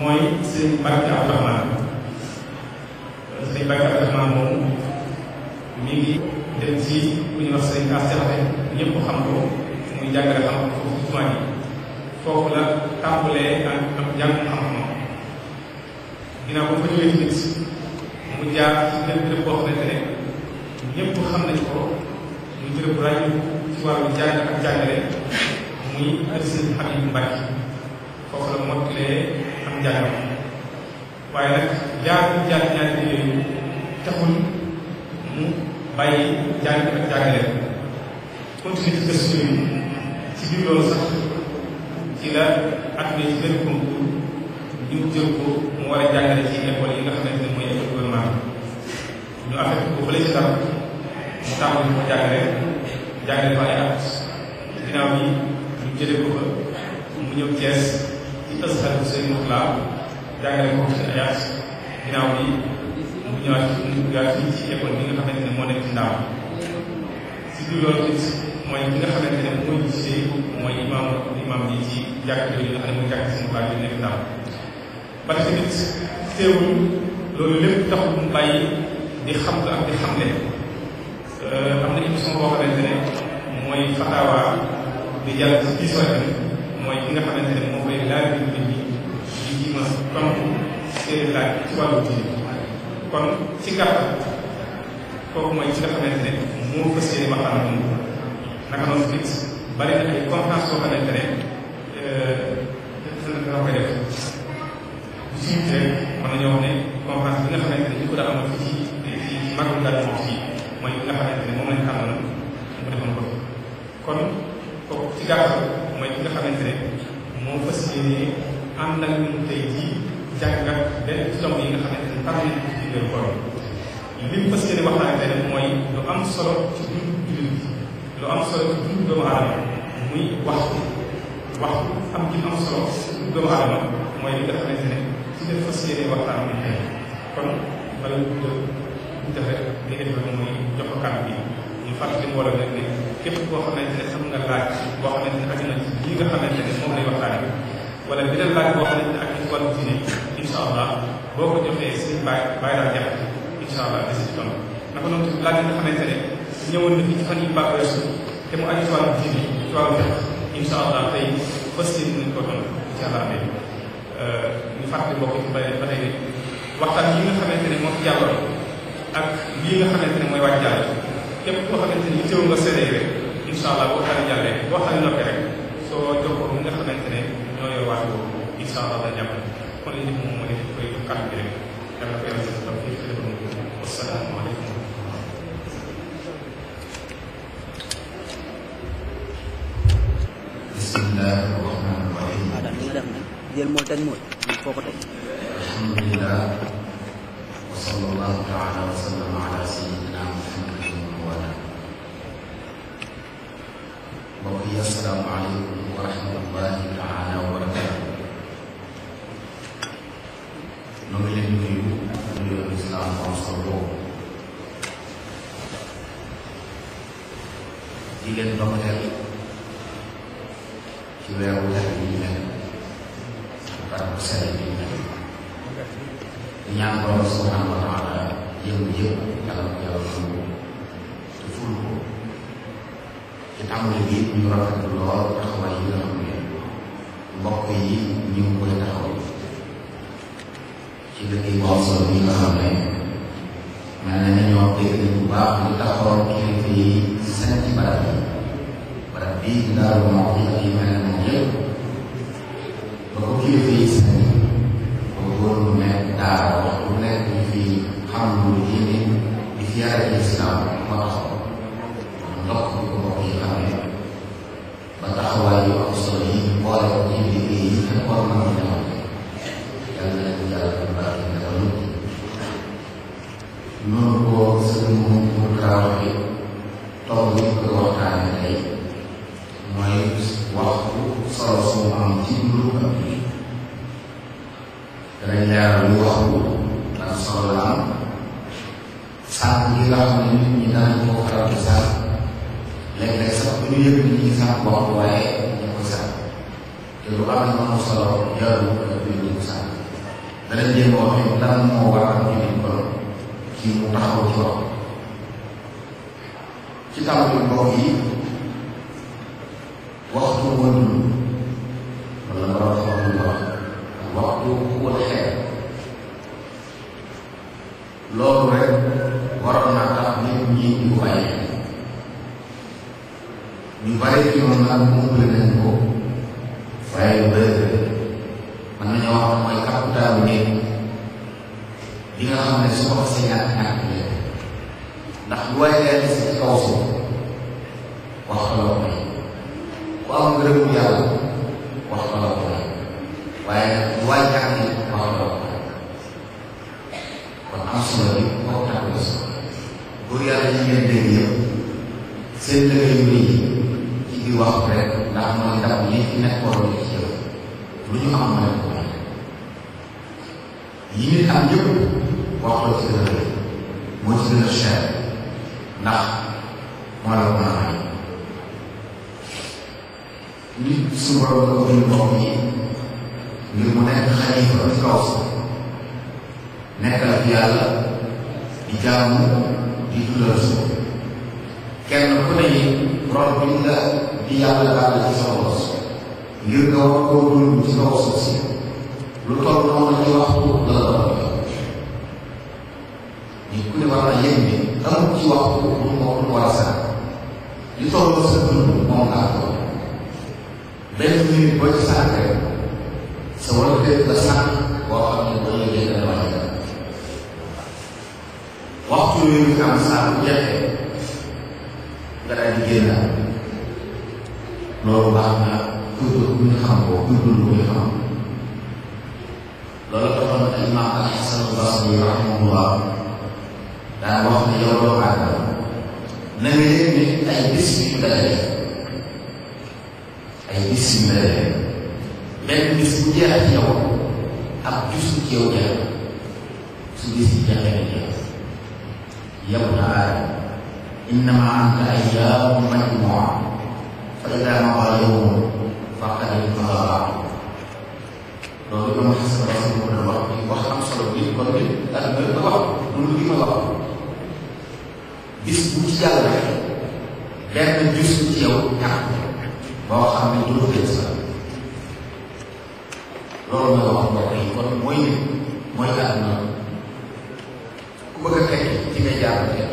mooy sëñ Mbacke Abdourahmane sëñ Mbacke Abdourahmane moom mi ngi dem ci ku ñuy wax xam ko muy jàngale xam ko foofu jumaa yi foofu la tàmbalee ak ak jàng xam-xamam ginnaaw bu fa jógee nit mu jaar ci benn béréb boo xamante ne ñëpp xam nañ ci foofu la mottalee jaaram waaye nag jaaru jaar ñaari yooyu taxul mu bàyyi jàng ak jàngale continuer ci gëstu yooyu ci biir loolu sax ci la at mi ci benn concours ñu jël ko mu war a jàngale ci école yi nga xamante ne mooy école gouvernement ñu affecté ko fële ci dara mu tàmbali ko jàngale jàngale fa ay at ginnaaw bi ñu jëlee ko fa mu ñëw Thiès Azhar bi sëñ Mourtala jàngale ko ci ayaas ginnaaw bi mu ñëwaat ci ñëwaat ci ci école bi nga xamante ne moo nekk ci ndaaw si biir loolu it mooy bi nga xamante ne mooy gisee mooy imam imam yi ci jàkk yooyu nga xam ne mooy jàkk sëñ Mourtala bi nekk ndaaw parce que nit teewul loolu lépp taxul mu bàyyi di xam ak di xamle am na émission boo xamante ne mooy fatawaa di jàll ci biir mooy bi nga xamante ne ñaari mbir mi di ji ma tontu seen laaj ci wàllu diine kon ci gàttal kooku mooy ci nga xamante ne moo fas yéene waxtaan naka noonu it bari na ay conférence boo xamante ne am solo ci dundu bi lu am solo ci dundu doomu aadama muy waxtu waxtu am gi am solo ci doomu aadama mooy li nga xamante ne ci def fas yéene waxtaan bi tey kon bala gudda gudda rek li nga ne képp koo xamante ne xam nga laaj boo xamante ne aju na nga xamante ne moom lay waxtaan wala beneen laaj boo xamante ne ak ci wàllu diine incha allah boo ko joxee si bàyyi bàyyi laa jaxat incha allah desi ci tontu naka noonu tamit laaj nga xamante ne ñëwoon na fi ci fan yi baax weesu te mu aju ci wàllu diine tey fas yéene nañ euh, nga xamante ne moo fi jàlloon ak lii nga xamante ne mooy waaj jàll képp koo nga xamante ne ñoo yor waaj boobu incha allah day jàpp kon li ñu moom moo koy kàddu gi rek dama koy teg mooy foo ko teg alhamdulilah wa sallallahu taala wa sallam ala sayyidina muhammadin wa ala mbokk yi assalaamu aleykum wa rahmatullahi taala wa barakatu noo ngi leen nuyu nuyoo islam am solo di leen doxal ci weeru barab bu sell bi ñu nekk di ñaan borom subhanahu wa taala yëngu yëpp yàlla ko yàlla nangu te ful ko te tàmbali bi ñu rafetlu lool taxawaay yi nga xam ne mbokk yi ñu ngi koy taxaw ci liggéey bu am solo bi nga xam ne mel ne ñoo dégg nañ bu baax lu taxaw kilifa yi seenti barab yi barab bii daal moo xam ne yi mel ne moom yëpp nag ko wax waaye dañ ko sàmm te lu am noonu solo jarul jullit di ko sàmm danañ jéem a wax ne lan moo war a jullit kon kii mu taxaw ci wax ci tàmbali mbokk yi waxtu wëndu wala nga wax waxtu wax waxtu ñu bàyyi ci moom nag mu ëppale nañ ko waaye lu bëri mën nañoo wax mooy capital bu nekk nga xam ne su ko sa ñàkk ñàkk lekk ndax lu waaye leen si kaw ko ku am ngërëmu yàlla wax loo ko waaye nag lu waay ñàkk yi wax loo ko kon am solo bi kooku tàggatoo góor yàlla ñu ngeen dégg yëpp seen nekkoon ci yow lu ñu am ma ko yi nit am yëpp wax la ci gën a moo ci gën a cher ndax moo la mën a may nit su borom la ñu doom yi ngir mu nekk xalifa ci kaw si nekkal fi yàlla di jaamu di dundal suuf kenn ku ne yi rol bi nga di yàlla daal ci sa ngir nga war koo dund ci kaw suuf si lu toll noonu ci waxtu la la war a nit ku ne war na yëg ni amul ci waxtu lu mu lu war a sax li toll sa dund moom laa toll benn minute boo ci sànq rek sa war a def la sànq boo xam ne boo yëgee dana wax waxtu yooyu nga am sànq jafe nga daal di génn loolu baax na tudd bu ñu xam ko tudd bu ñu xam loolu taxoon na imaam al-Hasan al-Basri rahimahullah daa wax ne yow doo àggal na nga yëg ne ay bis yu daje ay bis yu daje benn bis bu jeex ci yow ak jus ci yow jeex su bis yi jeexee jeex yow na aadama innama anta ayyaamun mamduuda fa idaa madaa yawmun waxtaanee mën a baax loolu dama gis sama si mën a wax di wax am solo bi kon de daal di mën a wax loolu li ma wax bis bu ci yàlla benn bis ci yow ñàkk boo xam ne du la tëj sa loolu la wax mbokk yi kon mooy mooy la am na ku bëgg a fekk ci nga jaar fekk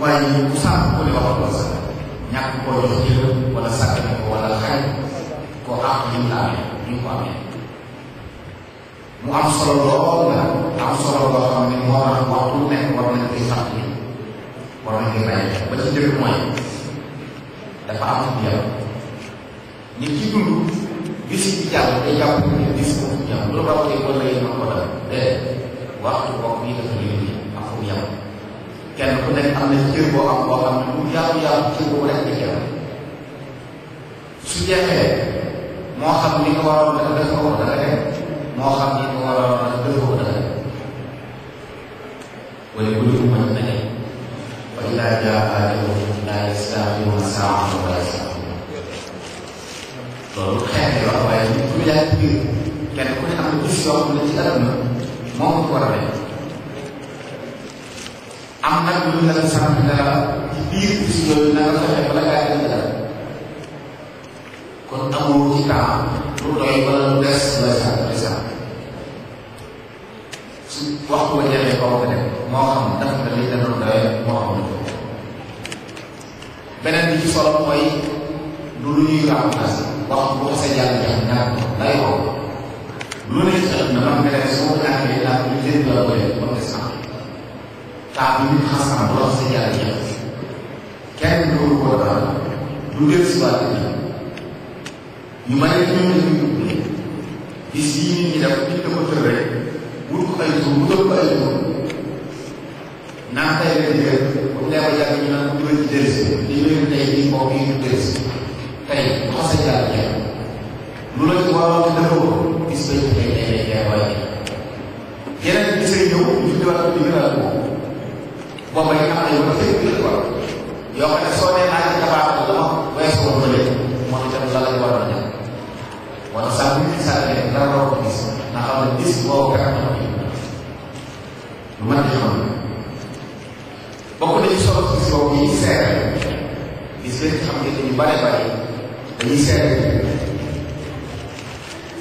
waaye ku sàmm ku ne waxoon la sax ñàkk koo jox jërëm wala sàkk ko wala ko àq ñu la amee ñu ko amee mu am solo lool la am solo loo xam ne waxtu nekk war nañ koy fàttali war nañ koy bàyyi ba ci njëkk mooy dafa am fu jàll nit ci dund bis yi jàll day jàpp ne bis boobu jàll lu rawatee wala yéen a ko def de waxtu bokk yi dafa yónni ak fu jàll kenn ku nekk am na cër boo am boo xam ne bu yàqu yàqu cër boobu rek nga jëm su jeexee moo xam ni nga waroon def def ko dara rek moo xam ni nga waroon def def ko dara rek wala bu dul mën na ne wa ilaa jaa ajaluhum laa yastaaxiruuna saa'atan wa laa yastaxdimuun loolu xeet yoo xam waaye ñu ñu laaj biir kenn ku ne am na gis yoo xam ne ci alam na moom ko war a am nag lu ñu la sant dara ci biir bis yooyu na nga fexe bala ngaa jënd dara kon amoo ci temps lu doy wala lu des la sant la sant su waxtu ba jeexee kaw nga dem moo xam daf nga li dana doy moo xam ne beneen bi ci solo mooy du lu ñuy remplacer wax bu ko sa jàll jeex ñaar day ko lu ne ci ëpp na man nga dem soo ñàkkee naa ko ñu jënd la ko def taal bi ñu xasaan ba wax sa jaay jeex kenn loolu ko daal du del si waat ñu may ñoom lañuy ubbi bis yi nit ñi def nit da ko tëb rek wut ko ay tur wutal ko ay tur naan tey la jël bu ñu lay yàgg ñu naan ko dugal ci del si li ñu tey di mbokk yi ñu del si tey wax sa jaay jeex lu la ci waroon a defoo bis ba ñu tey tey lay jaay waaye yeneen bis yi ñëw ñu diwaat ko digal boobu it am na yu bëri yu bëri yoo xam ne soo dee naaj dafa am dama weesu woon ba léegi moom itam la lañ war a def wala saa bu ñu gisaalee dara war ko gis na xam ne gis boobu kat na ko lu mën di xam bokk nañu solo gis boobu yi seere gis nga xam ne dañu bare bare dañuy seere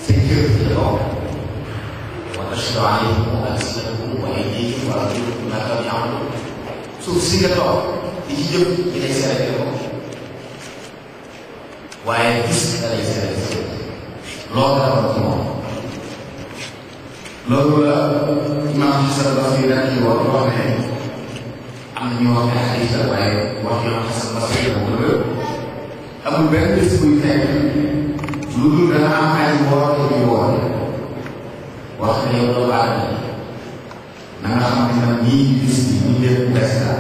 seen kër ci la wala si doyen mu ak si la mu wala ñii wala ñii suuf si nga toog di ci jëf di lay seere bi ko da lay seere bi loolu la ci moom loolu la imaam Xasan Basri daan ñu ne am na ñu wax ne xadiis la waaye wax yoon Xasan Basri la mu dëgg amul benn bés buy nekk lu dul dana am ay woor ñu woor ne na nga xam ne man ñii gis bi ñu lépp des la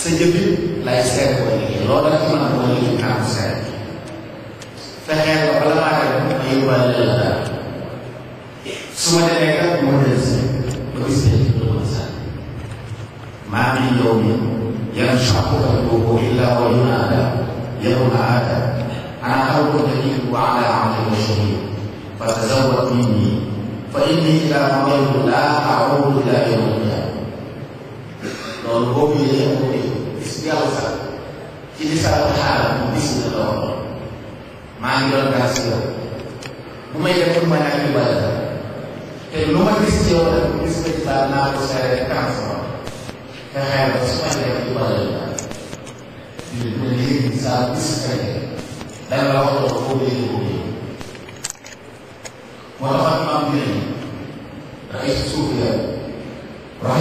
sa jëfit lay seet booy liggéey loolu la mën a booy liggéey tànku seet ba bala maa dem ma yóbbaale la dara su ma demee kat ma del si ba gis ne ci loolu sa maa ngi yow mi yan chaquka boobu illa rajul aada yarul aada ana xawkota in wa ala amali wa shahid fa tazawwad minni fa inni ilaa mawlid laa a'uudu ilaa yawmil qiyaama loolu boobu yéen a ngi gis yàlla sax ci li sax xaaral mu gis la la wax maa ngi doon gas yow bu may def lu ma ñaan yu bari la te lu ma gis ci yow rek gis nga ci naa ko seere rek kan sama te xeer su ma def yu bari la di mu ne léegi saa gis kañ danga la wax loolu foofu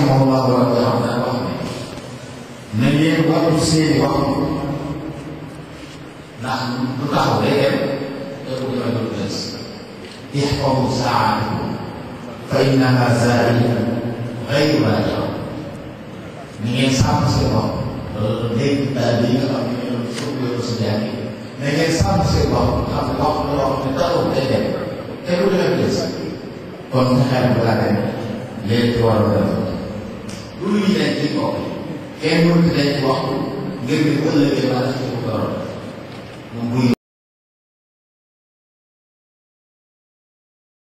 rahimahullahu wa taala wax ne na leen wàllu seeni wax ndax du taxaw day dem te ku demee lu bees ixfamu saa'atahu fa innaha zaa'ida xayru baa'iqa ni ngeen sàmm seen wax loolu léegi daal li nga xam ne ñoom suuf yooyu si jàng yi na ngeen sàmm seen wax xam ne wax la wax ne taxaw day dem te ku demee lu bees kon xel bu la dem léegi war a def lu muy denc ci kaw kenn mënut a denc waxtu ngir ne ëllëgee ba la ci moom bu